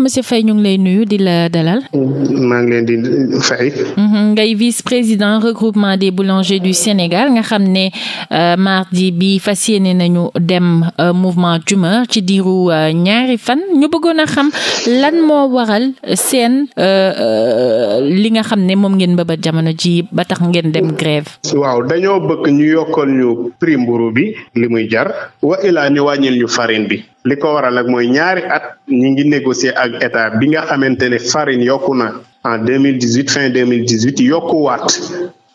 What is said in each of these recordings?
monsieur Faye ñu ngi lay nuyu di la dalal. maa ngi leen di fay. Mm-hmm. ngay vice président regroupement des boulangers du Sénégal nga xam ne euh, mardi bi fa yéene nañu dem euh, mouvement d'humeur ci diiru euh, ñaari fan ñu bëggoon a xam lan moo waral seen li nga xam ne moom ngeen bëgg jamono ji ba tax ngeen dem grève. waaw dañoo bëgg ñu yokkal ñu prix mburu bi li muy jar wa ilaa ñu wàññil ñu farine bi. li ko waral nag mooy ñaari at ñi ngi négocier ak état bi nga xamante ne farine yokku na en deux mille dix huit fin deux mille dix huit yokkuwaat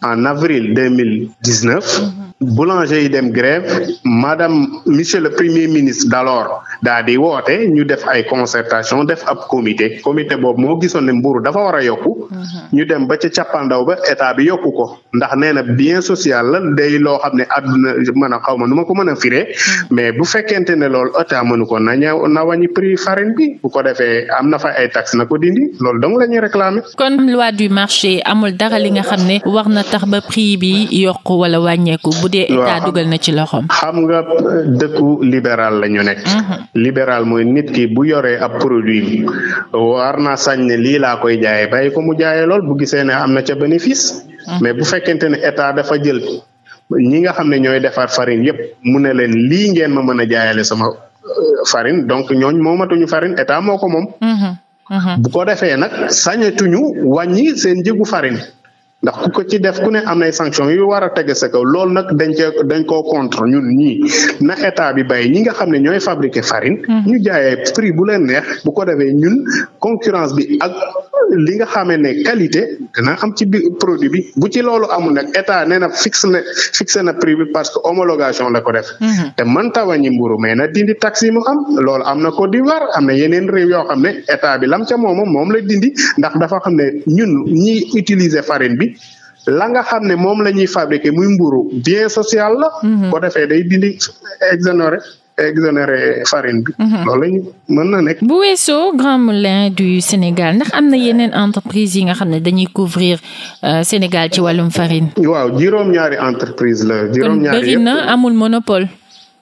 en avril deux mille dix neuf mm-hmm. boulanger yi dem grève madame monsieur le premier ministre d'alors daa di woote ñu def ay concertation def ab comité comité boobu moo gisoon ne mburu dafa war a yokku mhm. ñu dem ba ca cappaandaw ba état bi yokku ko ndax nee na bien social la day loo xam ne àdduna mën a xaw ma nu ko mën a firee mhm. mais bu fekkente ne loolu a mënu ko na ñëw na wàññi prix farine bi bu ko defee am na fa ay taxes na ko dindi lool dong la ñuy réclamer. kon loi du marché amul dara li bu dee état dugal na ci loxoom. xam nga euh, dëkku libéral la ñu nekk. Mhm. libéral mooy nit ki bu yoree a produit war na sañ ne lii laa koy jaayee bàyyi ko mu jaayee lool bu gisee ne am na ca bénéfice. Mhm. mais bu fekkente ne état dafa jël ñi nga xam ne ñooy defar farine yépp mu ne leen lii ngeen ma mën a jaayale sama euh, farine donc ñooñ moomatuñu farine état moo ko moom. Mhm. bu ko defee nag sañatuñu wàññi seen njëgu farine. ndax ku ko ci def ku ne am nay sanction yu war a tege sa kaw loolu nag dañ koo contre ñun ñii na état bi bàyyi ñi nga xam ne ñooy fabriquer farine. Mhm. ñu jaayee prix bu leen neex bu ko defee ñun concurrence bi ak li nga xamee ne qualité dina am ci biir produit bi bu ci loolu amul na état nee na fixe na fixé na prix bi parce que homologation la ko def. Mhm. te mën tawañi mburu mais na dindi taxe yi am loolu am na Côte d'Ivoire am na yeneen réew yoo xam ne état bi lam ca moomam moom la dindi ndax dafa xam ne ñun ñiy utiliser farine bi. la nga xam ne moom la ñuy fabriquer muy mburu bien social la. Mhm. boo defee day dindi exonéré exonéré bi. Mhm. loolu mën na nekk. bu weesoo Grands Moulins du Sénégal ndax am na yeneen entreprise yi nga xam ne dañuy couvrir euh, Sénégal ci wàllum farine. waaw juróom-ñaari entreprise la. juróom-ñaari yëpp kon bëri na amul monopole.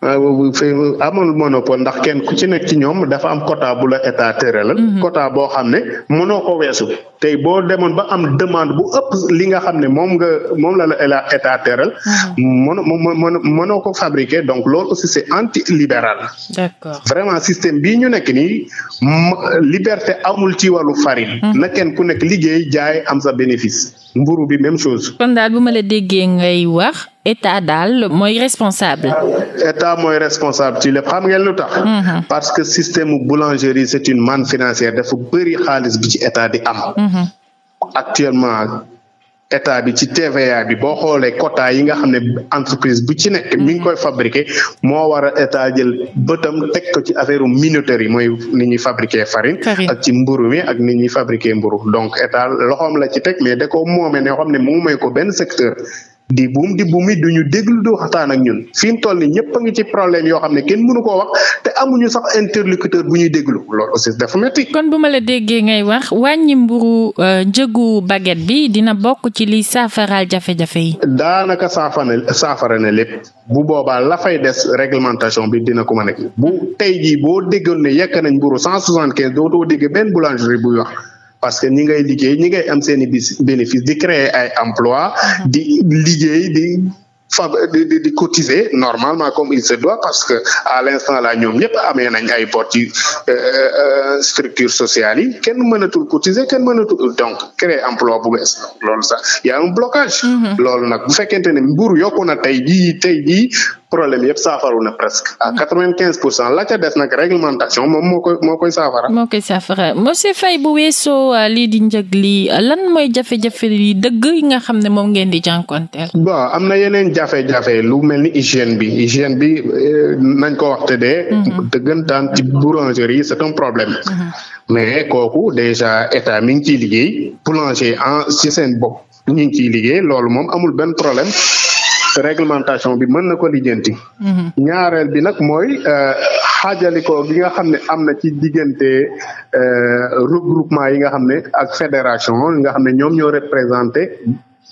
Euh, amul monopole ndax kenn ku ci nekk ci ñoom dafa am quota bu la état tëralal. Mhm. quota boo xam ne mënoo ko weesu tey boo demoon ba am demande bu ëpp li nga xam ne moom nga moom la la état tëral. Mhm. mënoo mënoo mënoo ko fabriquer donc loolu aussi c'est anti libéral. d'accord vraiment système bii ñu nekk nii liberté amul ci wàllu farine. Mhm. na kenn ku nekk liggéey jaay am sa bénéfice mburu bi même chose. kon daal bu ma la déggee ngay wax. état daal mooy responsable. état mooy responsable ci lépp xam ngeen lu tax. Mm-hmm. parce que système boulangerie c'est une man financière dafa bëri xaalis bi ci état di am. Mm-hmm. actuellement. état bi ci TVA bi boo xoolee quota yi nga xam ne entreprise bu ci nekk mi ngi mm-hmm. koy fabriquer moo war a état jël bëtam tek ko ci affaire minaudière yi mooy ni ñuy fabriquer farine. ak ci mburu mi ak ni ñuy fabriquer mburu donc état loxoom la ci teg mais da ko moomee ne xam ne moomee ko benn secteur. di buum di buum du ñu déglu du waxtaan ak ñun fii mu toll nii ñëpp a ngi ci problème yoo xam ne kenn mënu koo wax te amuñu sax interlocuteur bu ñuy déglu lool aussi dafa métti. kon bu ma la déggee ngay wax wàññi mburu euh, njëgu baguette bi dina bokk ci li saafaraal jafe-jafe yi. daanaka saafara saafara ne lépp bu boobaa lafay des réglementation bi dina ko mën a bu tey jii boo déggoon ne yekk nañ mburu cent soixante quinze dootoo dégg benn boulangerie buy wax. parce que ñi ngay liggéey ñi ngay am seen i bénéfice di créer ay emploi mm-hmm. di liggéey di fab di di cotiser normalement comme il se doit parce que à l'instant là ñoom ñëpp amee nañ ay bor ci euh, euh, structure sociale yi kenn mënatul cotiser kenn mënatul donc créer emploi bu bees loolu sax y a blocage. Mm-hmm. loolu nag bu fekkente ne mburu yokku na tey jii tey jii. problème yëpp saafaru na presque. à quatre vingt quinze pour des nag réglementation moom moo koy saafara. moo koy saafara monsieur Faye bu weesoo euh, lii di njëg lii lan mooy jafe-jafe yi dëgg nga xam ne moom ngeen di jànkuwanteel. bon am na yeneen jafe-jafe lu mel ni hygiène bi hygiène bi euh, nañ ko wax te dee. Mhm. dëggantaan ci boulangerie yi c'est un problème. Mhm. mais kooku déjà état mi ngi ciy liggéey boulanger en ci seen bopp ñu ngi liggéey loolu moom amul benn problème. réglementation bi mën na ko lijjanti. Mhm. ñaareel bi nag mooy euh, xaajalikoo gi nga xam ne am na ci diggante euh, regroupement yi nga xam ne ak fédération yi nga xam ne ñoom ñoo représenté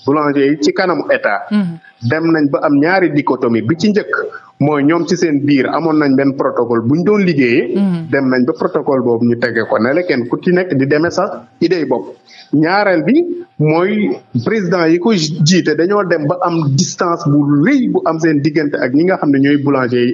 boulanger yi ci kanamu état. Mhm. dem nañ ba am ñaari dichotomie bi ci njëkk. mooy ñoom ci seen biir amoon nañ benn protocole bu ñu doon liggéeyee. Mm-hmm. dem nañ ba protocole boobu ñu tege ko ne kenn ku ci nekk di demee sax idée bopp. ñaareel bi mooy président yi ko jiite dañoo dem ba am distance bu rëy bu am seen diggante ak ñi nga xam ne ñooy boulanger yi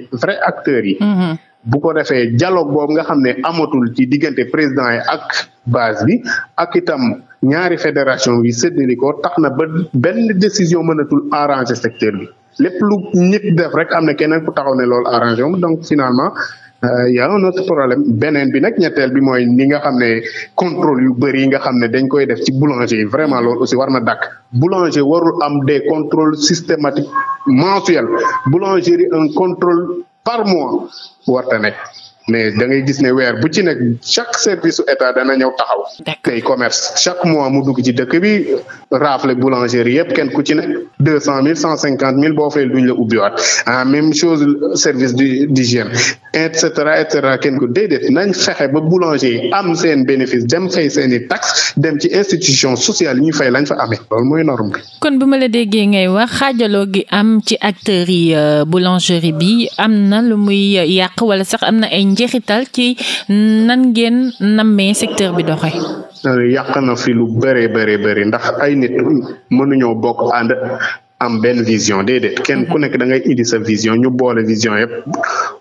acteurs yi. Mm-hmm. bu ko defee dialogue boobu nga xam ne amatul ci diggante président yi ak base bi ak itam ñaari fédération yi séddale ko tax na ba benn décision mënatul arranger secteur bi. lépp lu nit def rek am na keneen ku ne loolu arrangé wu donc finalement Uh, y a un autre problème beneen bi nag ñetteel bi mooy ni nga xam ne contrôle yu bëri yi nga xam ne dañ koy def ci boulanger yi vraiment loolu aussi war na dakk boulanger warul am des contrôles systématiques mensuels boulangerie un contrôle par mois warta nekk mais da ngay gis ne weer bu ci nekk chaque service su état dana ñëw taxaw. tey commerce chaque mois mu dugg ci dëkk bi raafle boulangerie yëpp kenn ku ci nekk deux cent mille cent cinquante mille boo fay duñ la ubbiwaat ah même chose service du d'hygiène et cetera et cetera kenn ku seen bénéfice dem fay seen i taxes dem ci yi ñu fay lañ fa amee loolu mooy norme kon bu ma la déggee ngay wax xaajaloo gi am ci acteurs yi euh, boulangerie bi am na lu muy euh, yàq wala sax am na ay njeexital ci nan ngeen nammee secteur bi doxee. Euh, yàq na fi lu bëree bëree bëri ndax ay nit mënuñoo bokk ànd am benn vision déedéet kenn ku mhm. nekk da ngay indi sa vision ñu boole vision yëpp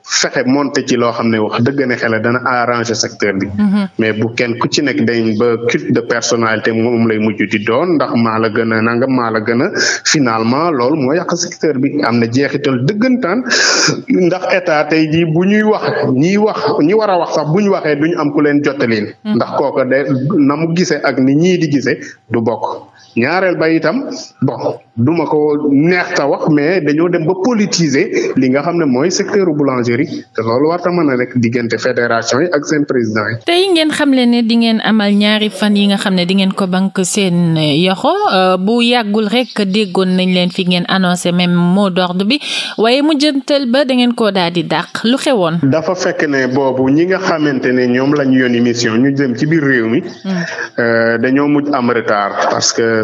fexe monter ci loo xam ne wax dëgg ne xel dana arranger secteur bi. Mhm. mais bu kenn ku ci nekk dañ ba culte de personnalité moom lay mujju di doon ndax maa la gën a nangam maa la gën a finalement loolu moo yàq secteur bi am na jeexital dëggantaan ndax état tey jii bu ñuy wax ñiy wax ñi war a wax sax bu ñu waxee duñu am ku leen jottaliin. Mhm. ndax kooka de na mu gisee ak ni ñii di gisee du bokk. ñaareel ba itam bon du ma ko neex ta wax mais dañoo dem ba politiser li nga xam ne mooy secteur boulangerie te lool war ta mën a nekk diggante fédération yi ak seen président yi. tey ngeen xam leen ne di ngeen amal ñaari fan yi nga xam ne di ngeen ko bank seen yoxo euh, bu yàggul rek déggoon nañ leen fi ngeen annoncé moo mot d'ordre bi waaye mu ba da ngeen koo daal di dàq lu xewoon. dafa fekk ne boobu ñi nga xamante ne ñoom lañu ñu yónni mission ñu jëm ci biir réew mi. Hmm. Euh,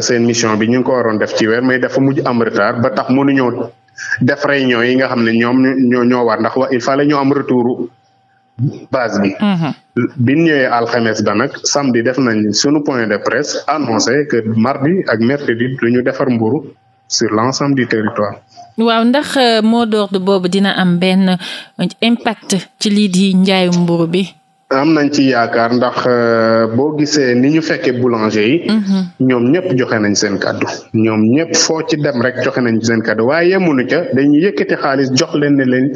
seen mission bi ñu ngi ko waroon def ci weer mais dafa mujj am retard ba tax mënuñoo def réunion yi nga xam ne ñoom ñoo ñoo war ndax il fallait ñoo am retour base bi. Mm-hmm. bi ñu ñëwee alxames ba nag samedi def nañ suñu point de presse annoncé que mardi ak mercredi du ñu defar mburu sur l'ensemble du territoire. waaw ndax euh, mot d'ordre boobu dina am benn euh, impact ci lii di njaayu mburu bi. am nañ ci yaakaar ndax euh, boo gisee ni ñu fekkee boulanger yi. Mhm. ñoom ñëpp joxe nañ seen kàddu. ñoom ñëpp foo ci dem rek joxe nañ seen kàddu waaye yemuñu ca dañuy yëkkati xaalis jox leen ne leen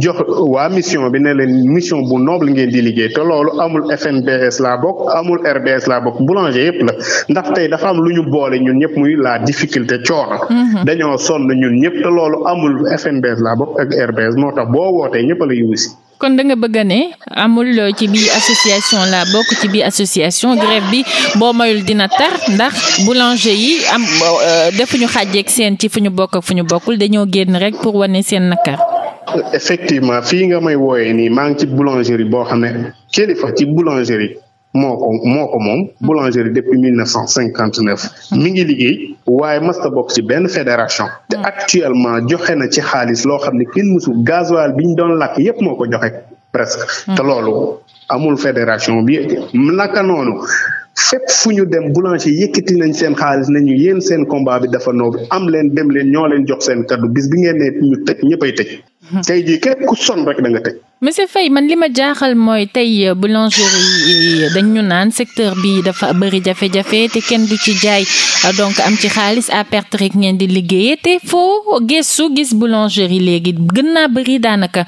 jox waa mission bi ne leen mission bu noble ngeen di liggéey te loolu amul FNBS laa bokk amul RBS laa bokk boulanger yëpp la ndax tey dafa am lu ñu boole ñun ñëpp muy laa difficulté coono. Mhm. dañoo sonn ñun ñëpp te loolu amul FNBS laa bokk ak RBS moo tax boo wootee ñëpp a lay kon da nga bëgg a ne amul ci biir association la bokk ci biir association grève bi boo mayul dina tar ndax boulanger yi am euh, defuñu xàjjeeg seen ci fu ñu bokk fu ñu bokkul dañoo génn rek pour wane seen nakar effectivement fii nga may wooyee nii maa ngi ci boulangerie boo xam ne kilifa ci boulangerie moo ko moo ko moom boulangerie depuis mille neuf cent cinquante neuf mi ngi liggéey waaye masta bokk ci benn fédération te hmm. actuellement joxe na ci xaalis loo xam ne kenn mësul gasoil bi ñu doon lakk yépp moo ko joxe presque hmm. te loolu amul fédération bi naka noonu fépp fu ñu dem boulanger yëkkati nañ seen xaalis nañu yéen seen combat bi dafa noobi am leen dem leen ñoo leen jox seen kaddu bis bi ngeen ne ñu tëj ñëppay tëj hmm. tey jii képp ku son rek da nga tëj monsieur Faye man li ma jaaxal mooy tey euh, boulangerie euh, dañ ñu naan secteur bi dafa bëri jafe-jafe te kenn du ci jaay euh, donc am ci xaalis à ngeen di liggéeyee te foo gëstu gis boulangerie léegi gën naa bëri daanaka.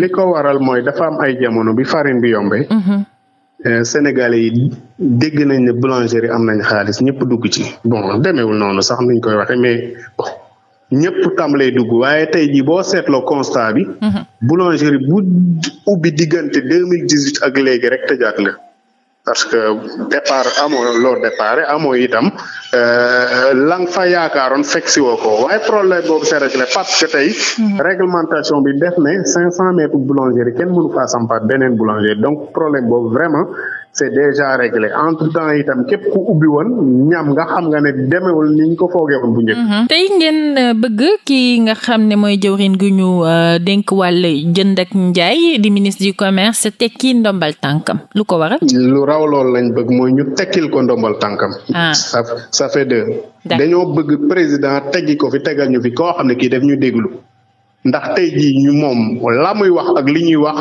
li ko waral mooy dafa am ay jamono bi farine bi yombee. Mhm. Sénégalais yi dégg nañ ne boulangerie am nañ xaalis ñëpp dugg ci bon demeewul noonu sax nuñ koy waxee mais. ñëpp tàmbalee dugg waaye tey jii boo seetloo constat bi. Mhm. boulangerie bu ubbi diggante deux mille ak léegi rek tëjaat la. parce que départ amoo loo départ amoo itam euh, la nga fa yaakaaroon fekk si woo ko waaye problème boobu c'est réglé parce que tey. Mhm. réglementation bi def ne cinq cent mètres boulangerie kenn mënu faa sampa beneen boulangerie donc problème boobu vraiment. c'est déjà réglé entre temps itam képp ku ubbi woon ñam nga xam nga ne demewul niñ ko foogee woon bu njëkk. Mm-hmm. tey ngeen euh, bëgg ki nga xam ne mooy jëwriñ gu ñu euh, dénk wàll jënd ak njaay di ministre du commerce tekki ndombal tànkam lu ko waral. lu raw loolu lañ bëgg mooy ñu tekkil ko ndombal tànkam. Ah. ça ça fait deux. dañoo bëgg président teggi ko fi tegal ñu fi koo xam ne kii def ñu déglu. ndax tey jii ñu moom la muy wax ak li ñuy wax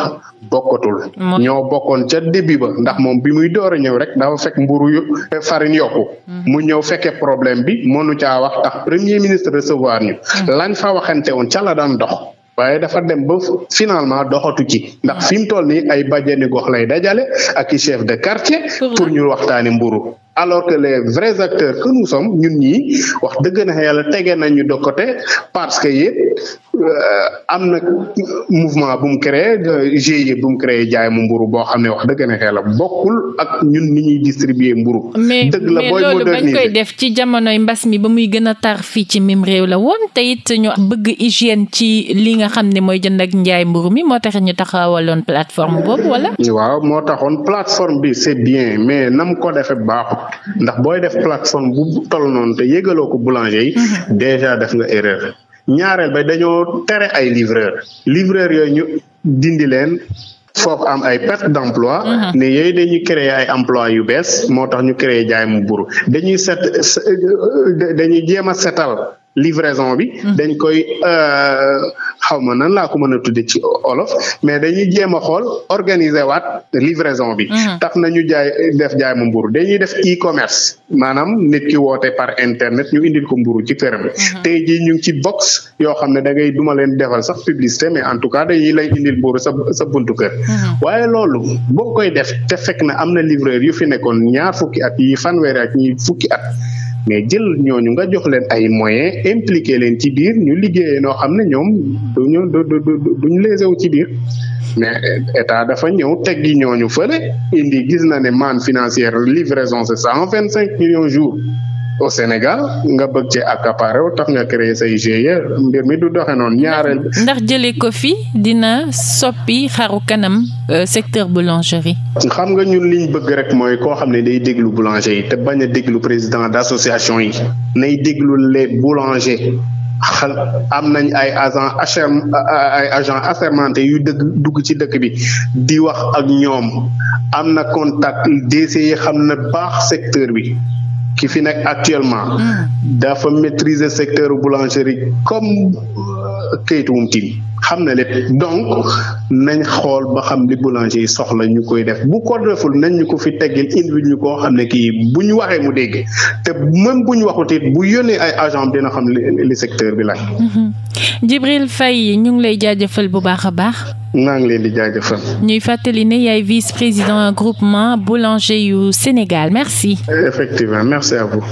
bokkatul ñoo bokkoon ca début ba ndax moom bi muy door a ñëw rek dafa fekk mburu eh, farine yokku hmm. mu ñëw fekkee problème bi nu caa wax tax premier ministre recevoir ñu hmm. lañ fa waxante woon ca la daan dox waaye dafa dem ba finalement doxatu ci ndax hmm. fi mu toll nii ay bajjani gox lay dajale ak i chef de quartier pour ñu waxtaani mburu alors que les vrais acteurs que nous ñun ñii wax dëgg na yàlla tege nañu de côté parce que yëpp euh, am na mouvement bu mu créé GIE bu mu jaay mu mburu boo xam ne wax dëgg na yàlla bokkul ak ñun ni ñuy distribuer mburu dëgg la booy mais loolu bañ koy def ci jamonoy mbas mi ba muy gën a tar fii ci mim réew la woon te it ñu bëgg hygiène ci li nga xam ne mooy jënd ak njaay mburu mi moo tax ñu taxawaloon plateforme boobu wala. waaw moo taxoon plateforme bi c'est bien mais nam ko defee baaxul. ndax booy def plateforme bu tol noonu te yëgaloo ko boulanger yi. Mhm. déjà def nga erreur. ñaareel ba dañoo tere ay livreur livreur yooyu ñu dindi leen. foog am ay perte d'emploi mhm. ne yooyu dañuy créer ay emploi yu bees moo tax ñu créer jaay mu buru dañuy set euh, euh, dañuy jéem a setal livraison bi. Mm. dañ koy euh, xaw ma nan laa ko mën a tuddee ci olof mais dañuy jéem a xool organiser waat livraison bi. Mm. tax na ñu jaay def jaay ma mburu dañuy def e-commerce maanaam nit ki woote par internet ñu indil ko mburu ci këram. Mm-hmm. tey jii ñu ngi ci box yoo xam ne da ngay duma leen defal sax publicité mais en tout cas dañuy lay indil mburu sa sa buntu kër. Mm-hmm. waaye loolu boo koy def te fekk na am na livreur yu fi nekkoon ñaar fukki at yi fanweeri at ñi fukki at. mais jël ñooñu nga jox leen ay moyens impliqué leen ci biir ñu liggéeyee noo xam ne ñoom duñu du duñu lésewu ci biir mais état dafa ñëw teggi ñooñu fële indi gis na ne manne financière livraison c'est cent vingt cinq millions jours au Sénégal nga bëgg ci accaparer wu tax nga créer say GIE mbir mi du doxe noonu ñaareel. ndax jëlee ko fi dina soppi xaru kanam euh, secteur boulangerie. xam nga ñun liñ bëgg rek mooy koo xam ne day déglu boulanger yi te bañ a déglu président d'association yi nay déglu les boulangers. xal am nañ ay agent acher ay agent assermenté yu dëgg dugg ci dëkk bi di wax ak ñoom am na contact DC yi xam na baax secteur bi ki fi nekk actuellement ah. dafa maîtriser secteur boulangerie comme këyitum tiim xam na lépp donc nañ xool ba xam li boulanger yi soxla ñu koy def bu ko deful nañ ñu ko fi teggil indi ñu koo xam ne kii bu ñu waxee mu dégg te même bu ñu waxut it bu yónnee ay agent dina xam li secteur bi laaj. Mhm. Djibril Faye ñu ngi lay jaajëfal bu baax a baax. maa ngi leen di jaajëfal. ñuy fàttali ne yaay vice-président groupement boulanger yu Sénégal merci. effectivement merci à vous.